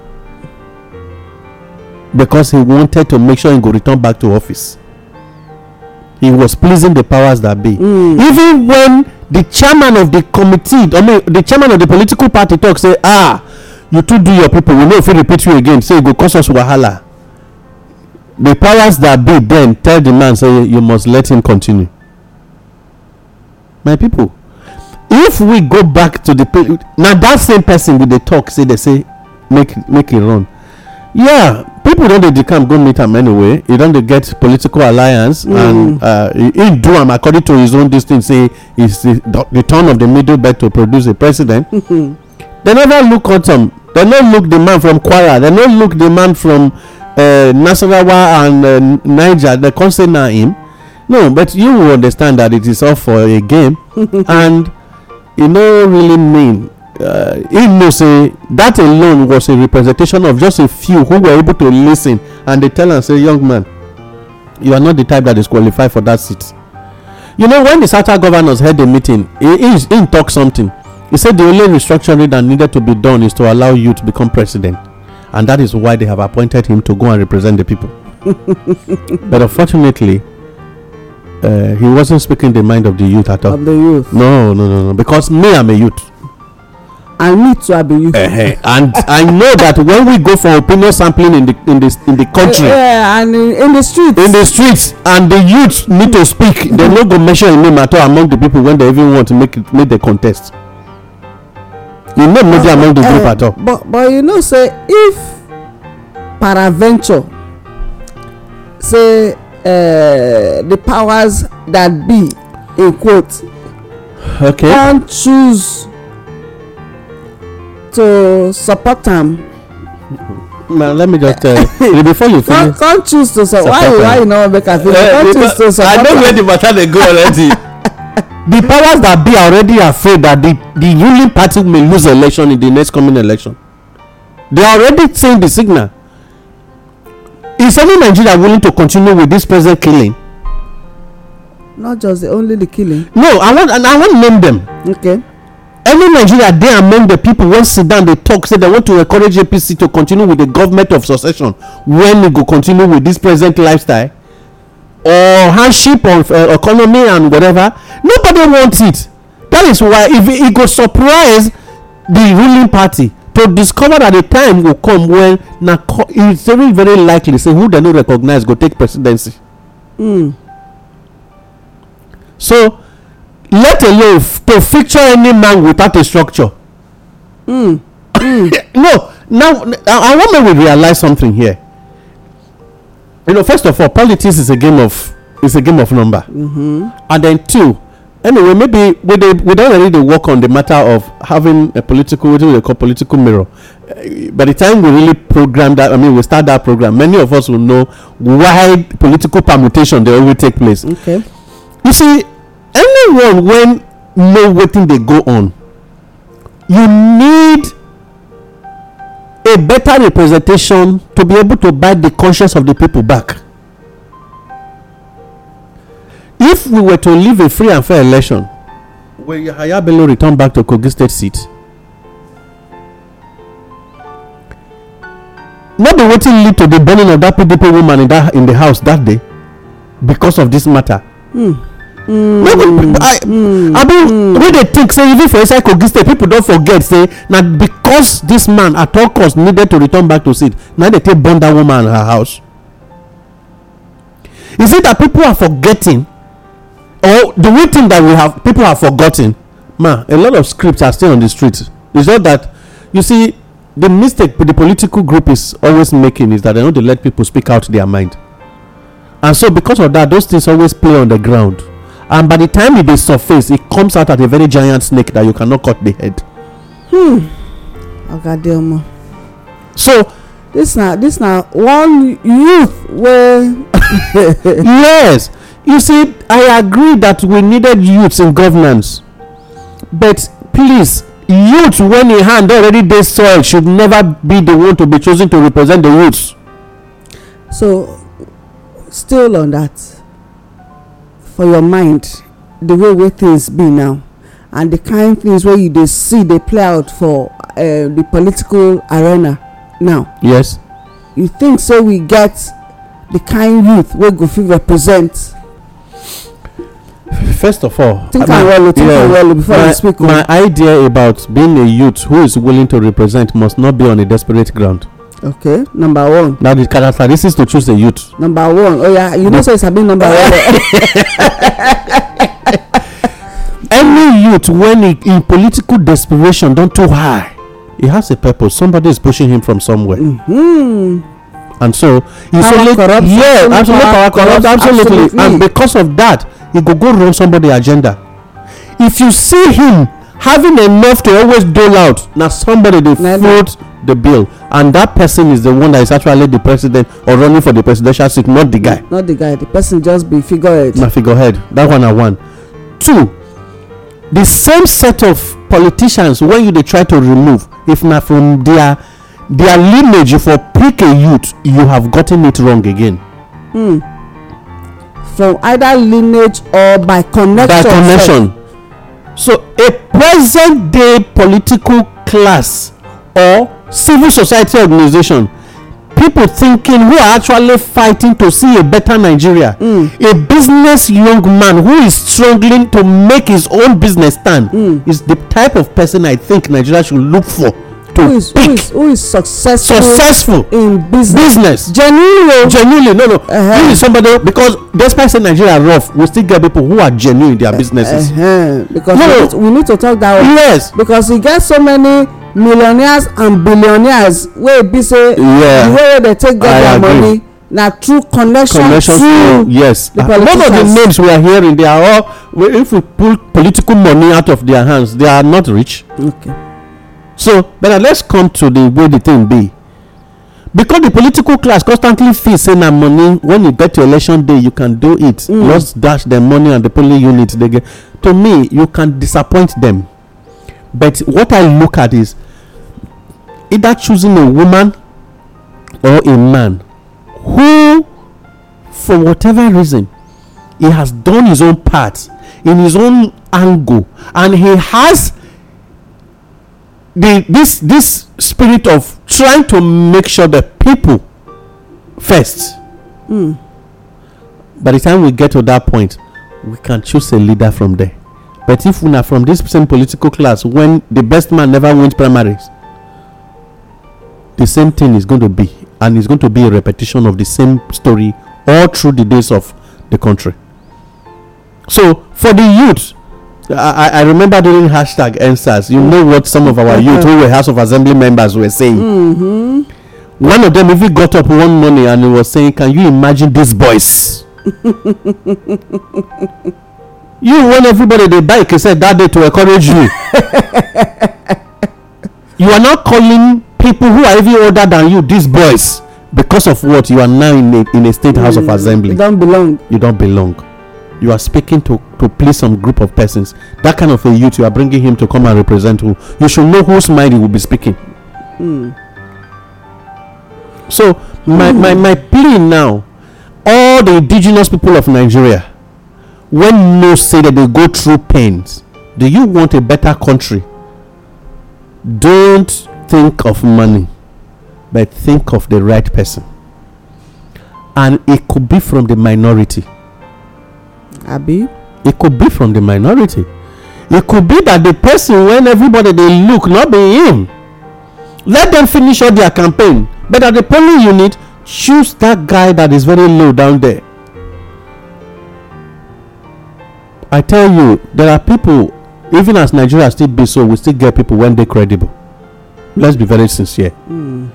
because he wanted to make sure he go return back to office he was pleasing the powers that be mm. even when the chairman of the committee i mean the chairman of the political party talk say ah you too do your people we no fit repeat you again say e go cause us wahala the powers that be then tell the man say you must let him continue my people if we go back to the now that same person we dey talk say they say make make e run yeah people don dey decamp go meet am anyway e don dey get political alliance mm. and uh, he do am according to his own thing say e the turn of the middle bed to produce a president mm-hmm. they never look at am They no look the man from kwara They no look the man from uh, nasarawa and uh, niger They come say na him no but you will understand that it is all for a game and e no really mean e know say that alone was a representation of just a few who were able to listen and they tell am say young man you are not the type that is qualified for that seat you know when the southern governors head the meeting he he talk something He said the only restructuring that needed to be done is to allow you to become president. And that is why they have appointed him to go and represent the people. but unfortunately, uh, he wasn't speaking the mind of the youth at all. Of the youth. No, no, no, no. Because me, I'm a youth. I need to be youth. Uh-huh. and I know that when we go for opinion sampling in the in the in the country, yeah, and in, in, the streets, in the streets, and the youth need to speak. They're not going to mention a name at all among the people when they even want to make it make the contest the name no dey among the group at all but but you know say if paraventure say eh, the powers that be in quote okay don choose to support am Man, let me just tell eh, you before you finish come choose to support why you why you no make i feel? come choose to support i know where the matter dey go already the powers that be already afraid that the the ruling party may lose election in the next coming election they already send the signal is any nigeria willing to continue with this present killing. not just the, only the killing. no i wan i wan name them. okay. any nigeria dey among the people wey sit down dey talk say they want to encourage apc to continue with the government of succession when e go continue with this present lifestyle or hardship of uh, economy and whatever nobody wants it that is why if e go surprise the ruling party to discover that the time go come when na it's very very likely say who dem no recognize go take presidency mm. so let alone to feature any man without a structure mm. Mm. no now i want make we realize something here you know first of all politics is a game of is a game of number mm-hmm. and then two anyway maybe we dey we don't really dey work on the matter of having a political wetin we dey call political mirror uh, by the time we really program that i mean we start that program many of us will know why political permutation they always take place. okay you see anyone when know wetin they go on you need a better representation to be able to buy the conscience of the people back. If we were to leave a free and fair election, will Yahaya Bello return back to Kogi State seat? Not be wetin lead to the burning of that PDP woman in, that, in the house that day because of this matter. Mm. Hmm. I, I mean, wey dey think say even for inside kogi state eh, pipo don forget say na because this man at all cost needed to return back to seed na dey take burn that woman and her house is it that people are forgetting or the one thing that we have people have forgotten ma? a lot of scripts are still on the street it's not that you see the mistake the political group is always making is that they don't let people speak out their mind and so because of that those things always play on the ground and by the time it dey surface it comes out as a very giant snake that you cannot cut the head hmm oga so this na this na one youth wey yes you see i agree that we needed youths in governance but please youth when e hand already dey soil should never be the one to be chosen to represent the youths so still on that for your mind the way wey things be now and the kind things wey you dey see dey play out for eh, the political arena now yes you think say we get the kind youth wey go fit represent first of all think am well think am well before you speak oh. my idea about being a youth who is willing to represent must not be on a desperate ground okay number one now the characteristics to choose a youth number one oh yeah you know so you sabi number one any youth when he, in political desperation don too high he has a purpose somebody is pushing him from somewhere mm-hmm. and so he's power only yeah absolutely power corrupts, absolutely. absolutely and because of that he go go run somebody agenda if you see him having enough to always dole out na somebody dey float the bill and that person is the one that is actually the president or running for the presidential seat not the guy. not the guy the person just be figurehead. na figurehead that one na one two the same set of politicians wey you dey try to remove if na from their their lineage for pick youth you have gotten it wrong again. Mm. from either lineage or by connection. by connection so, so a present day political class or civil society organization people thinking who are actually fighting to see a better Nigeria. Mm. A business young man who is struggling to make his own business stand mm. is the type of person I think Nigeria should look for. Who is, who is who is successful successful in business business genuine. Oh. genuinely no no uh-huh. who is somebody because despite say nigeria rough we still get people who are genuine in their uh-huh. businesses uh-huh. because no. we, need, we need to talk that way yes because we get so many millionaires and billionaires wey e be say yeah. the way wey dey take get their money na through connection through yes the politicians. most of the names we are hearing they are all if we pull political money out of their hands they are not rich. okay so but let's come to the way the thing be because the political class constantly feel say na money when you get to election day you can do it mm. just dash dem money and the polling unit dey get to me you can disappoint them but what i look at is either choosing a woman or a man who for whatever reason he has done his own part in his own angle and he has the this this spirit of trying to make sure the people first mm. by the time we get to that point we can choose a leader from there But Petit Funa from this same political class when the best man never wins primaries. The same thing is going to be, and it's going to be a repetition of the same story all through the days of the country. So, for the youth, I, I remember during hashtag NSAS, you know what some of our youth who were House of Assembly members were saying. Mm-hmm. One of them even got up one morning and he was saying, Can you imagine these boys? you when everybody dey buy cassette that day to encourage you you are not calling people who are even older than you these boys because of what you are now in a in a state house mm, of assembly you don't belong you don't belong you are speaking to to please some group of persons that kind of a youth you are bringing him to come and represent who you should know whose mind he will be speaking mm. so my, mm. my my plea now all the indigenous people of nigeria when no say that they go through pains do you want a better country don't think of money but think of the right person and it could be from the minority Abby, it could be from the minority it could be that the person when everybody they look not be him let them finish all their campaign but at the polling unit choose that guy that is very low down there i tell you there are people even as nigeria still be so we still get people when dey credible let's be very sincere mm.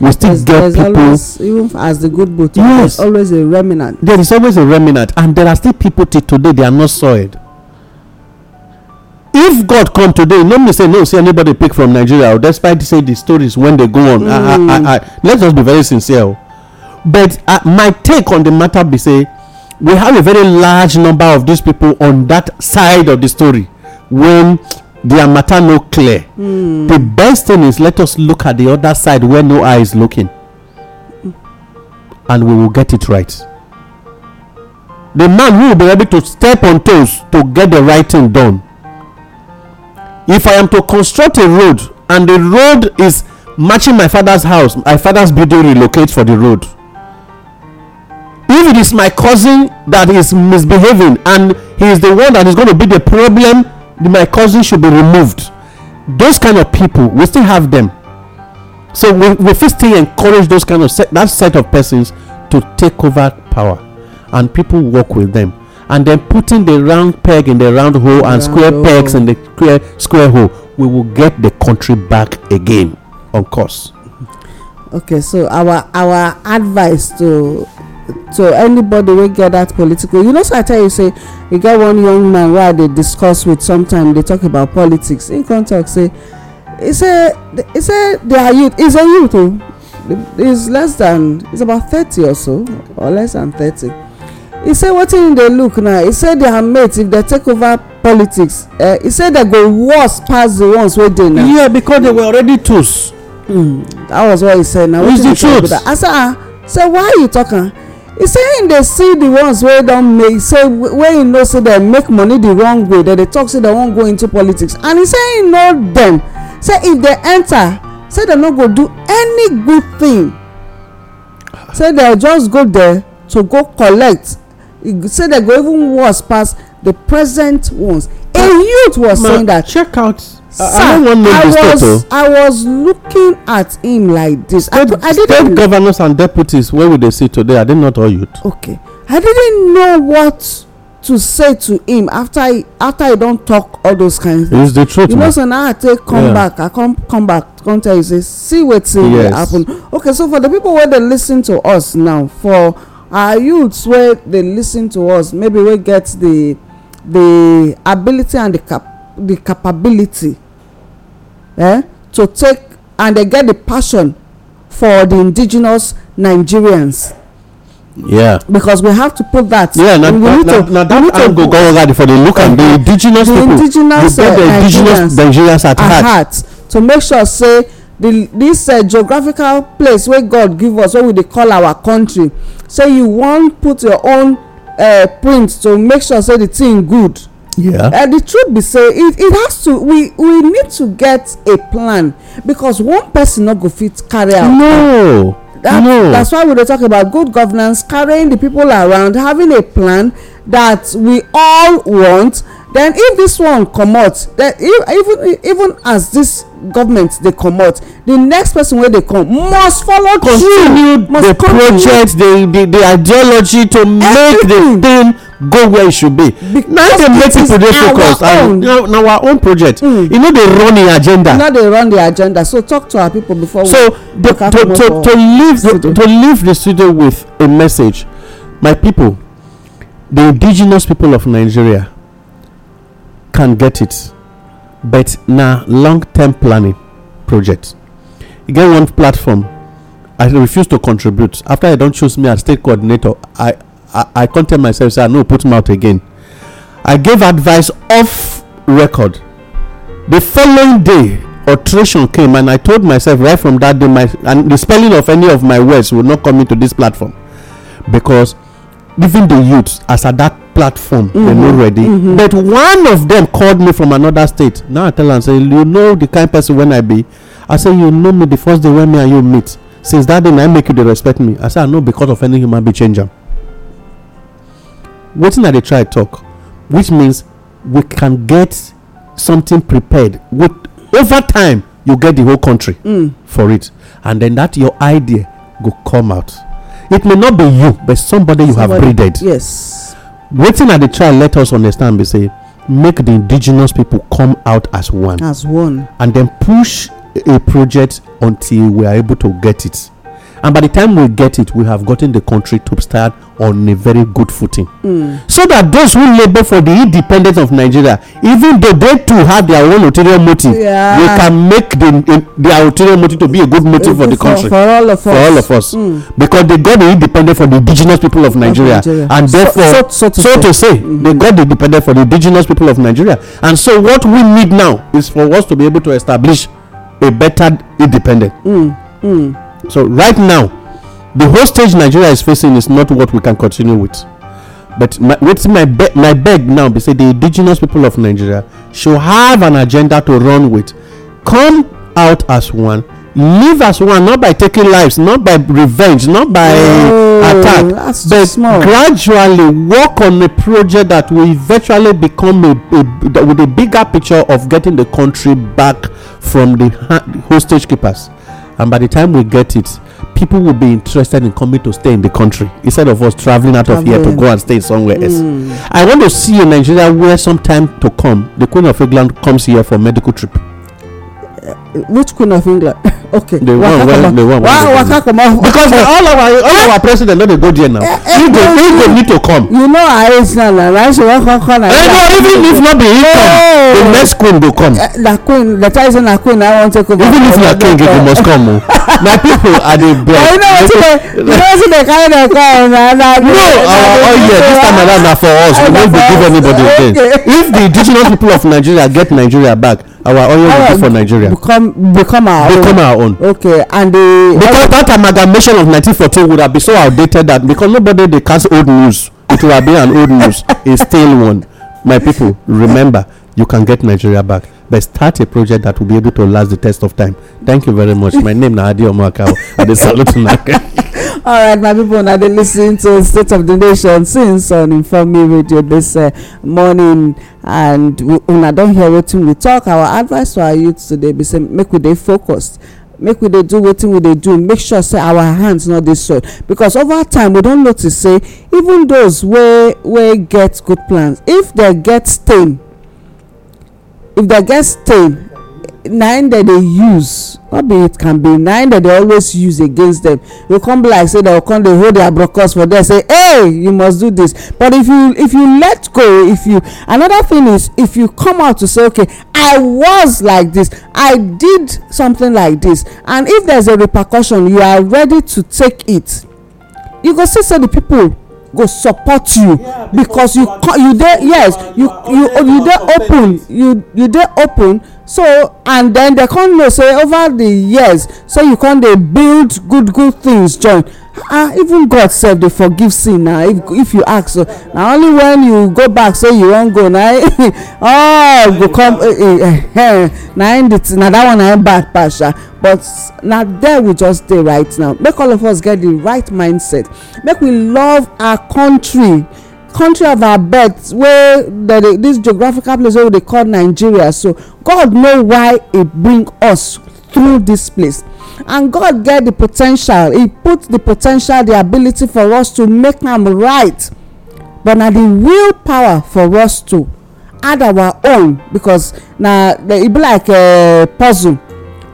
we still there's, get there's people always, even as the good boat yes there's always a remnant there is always a remnant and there are still people till today they are not soiled if god come today let me say no see anybody pick from nigeria or oh, despite say the stories when they go on mm. I, I, hmm. I, let's just be very sincere oh. but uh, my take on the matter be say we have a very large number of these people on that side of the story when their matter no clear. Mm. The best thing is let us look at the other side where no eye is looking, and we will get it right. The man who will be able to step on toes to get the right thing done. If I am to construct a road and the road is matching my father's house, my father's building relocates for the road. if it is my cousin that is misbehaving and he is the one that is going to be the problem my cousin should be removed those kind of people we still have them so we, we still encourage those kind of set, that set of persons to take over power and people work with them and then putting the round peg in the round hole and square hole. pegs in the square, square hole we will get the country back again on course okay so our our advice to to anybody wey get dat political you know so i tell you say e get one young man wey i dey discuss with sometime. dey talk about politics him come talk say he say dia youth is a youth o oh. is less than is about thirty or so or less than thirty He say wetin him dey look now He say dia mates if they take over politics eh, he say they go worse pass the ones wey dey now yeah because they were already tools. Mm, that was what he said now wetin you talk about i say ah say why you talk am ah? e say him dey see the ones wey don make say wey him know say dem make money the wrong way dem dey talk say dem wan go into politics and e say him know dem say if dem enter say dem no go do any good thing say dem just go there to go collect say dem go even worse pass the present ones a youth was saying that check out Sir, I, no wan make this i was looking at him like this. state state governors and deputies where we they see today are they not all youth. okay i didn't know what to say to him after i after i don talk all those kind things. it's the truth you know so now i take come yeah. back i come come back come tell you say see wetin yes. dey happen okay so for the people wey dey lis ten to us now for our youths wey dey lis ten to us maybe wey get the the ability and the cap the capability eh, to take and they get the passion for the indigenous Nigerians. Yeah. Because we have to put that. Yeah, now, we na, need na, to, na, that angle go over for the look at the indigenous the people. Indigenous, you get the uh, indigenous Nigerians, Nigerians at, at heart. heart. To make sure say the this uh, geographical place where God give us what we call our country say so you won't put your own uh, print to make sure say the thing good yeah and the truth be say it it has to we we need to get a plan because one person no go fit carry out no that, no that's why we dey talk about good governance carrying the people around having a plan that we all want then if this one comot then if, e, even even as this government dey comot the next person wey dey come must follow continue through continue the project the the the ideology to Everything. make the thing go where e should be na im dey make pipo dey focus and na our own project hmm. You no dey run the agenda e no dey run the agenda so talk to our people before we so to to to leave to leave the studio with a message my people, the indigenous people of nigeria can get it but na long term planning project e get one platform i refuse to contribute after i don choose me as state coordinator i I, I can't tell myself, say, I know, put him out again. I gave advice off record. The following day, alteration came, and I told myself right from that day, my and the spelling of any of my words will not come into this platform because even the youths as at that platform mm-hmm. they no ready mm-hmm. but one of them called me from another state now i tell am say you know the kind person when i be i say you know me the first day when me and you meet since that day i make you dey respect me i say i know because of any human be changer wetin i dey try talk which means we can get something prepared with over time you get the whole country mm. for it and then that your idea go come out it may not be you but somebody you have breeded yes wetin i dey try let us understand be say make the indigenous people come out as one as one and then push a project until we are able to get it and by the time we get it we have gotten the country to start on a very good footing mm. so that those who labour for the independence of nigeria even though they too have their own ulterior motive yeah. they can make the, their ulterior motive to be a good motive for the country for all of us, all of us. Mm. because they got the independence for the indigenous people of nigeria, of nigeria. and so, therefore so, so, to, so say, to say mm-hmm. they got the independence for the indigenous people of nigeria and so what we need now is for us to be able to establish a better independence mm. Mm. So right now, the hostage Nigeria is facing is not what we can continue with. But my, what's my be- my beg now? They say the indigenous people of Nigeria should have an agenda to run with. Come out as one. Live as one, not by taking lives, not by revenge, not by oh, attack, but small. gradually work on a project that will eventually become a, a, with a bigger picture of getting the country back from the hostage keepers and by the time we get it people will be interested in coming to stay in the country instead of us traveling out traveling. of here to go and stay somewhere mm. else hmm. i want to see a nigeria where sometime to come the queen of england comes here for medical trip uh, which queen of england okay the one wey the one wey waka comot because all of our all of eh. our president no dey go there now he go he go need to come. you know arsenal na rice wan come come nigeria. no even if no be he come eh. the next queen go come. na eh, queen the time say na queen na wan take over. even if na king you go must come o oh. na people i dey beg. you know wetin dey you know wetin dey carry dem come na na. no uh, oh yeah, this time around na for us we no go give anybody again if the indigenous people of nigeria get nigeria back our oil will be for nigeria become become our own become our own okay and the because that amalgamation of 1914 would have been so outdated that because nobody dey cast old news it would have been an old news a stale one my people remember you can get Nigeria back. But start a project that will be able to last the test of time. Thank you very much. My name is Adi Omakao. I dey salute una. all right my people na dey lis ten to state of the nation since on inform me radio this uh, morning and una don hear wetin we talk our advice to our youth today be say make we dey focused make we dey do wetin we dey do make sure say our hands no dey soil because over time we don notice say even those wey wey get good plans if dem get stain if dem get stain na im dem dey use no be it can be na im dem dey always use against dem e come be like say dem go come dey hold their brokers for there say hey you must do this but if you if you let go if you another thing is if you come out to say okay i was like this i did something like this and if there's a repercussion you are ready to take it you go see say the people go support you because you you dey yes you you you dey open you you dey open so and then they come know say over the years so you come dey build good good things join ah even god sef dey forgive sin na ah, if if you ask so na only when you go back say you wan go na oh go come eh, eh, eh, na that one na bad pass sha ah but na there we just dey right now make all of us get the right mindset make we love our country country of our birth wey this geographical place wey we dey call nigeria so god know why e bring us through this place and god get di potential He put di potential the ability for us to make am right but na the real power for us to add our own because na e be like a eh, puzzle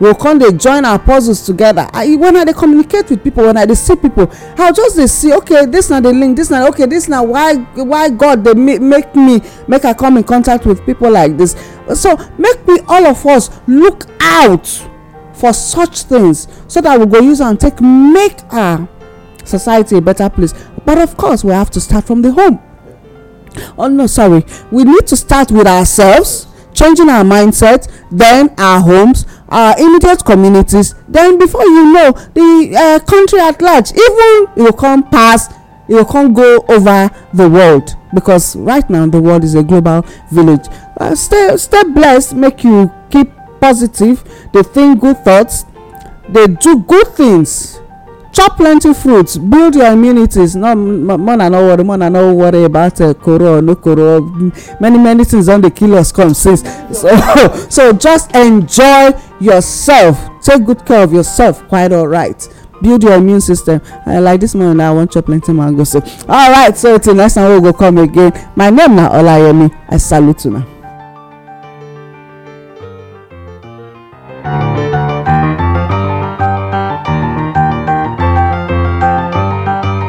Will come They join our puzzles together i when i they communicate with people when i they see people How just they see okay this now the link this now okay this now why why god They make me make i come in contact with people like this so make me all of us look out for such things so that we go use and take make our society a better place but of course we have to start from the home oh no sorry we need to start with ourselves changing our mindset then our homes our uh, immediate communities then before you know the uh, country at large even you come pass you come go over the world because right now the world is a global village uh, stay stay blessed make you keep positive dey think good thoughts dey do good things chop plenty fruits build your immunities no more na no worry more na no worry about uh, koro or no koro many many things don dey kill us come since so so just enjoy yourself take good care of yourself quite alright build your immune system uh, like this morning i wan chop plenty mango so alright so till next time we go come again my name na olayemi i salute una.